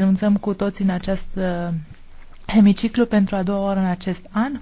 renunțăm cu toți în acest uh, hemiciclu pentru a doua oară în acest an.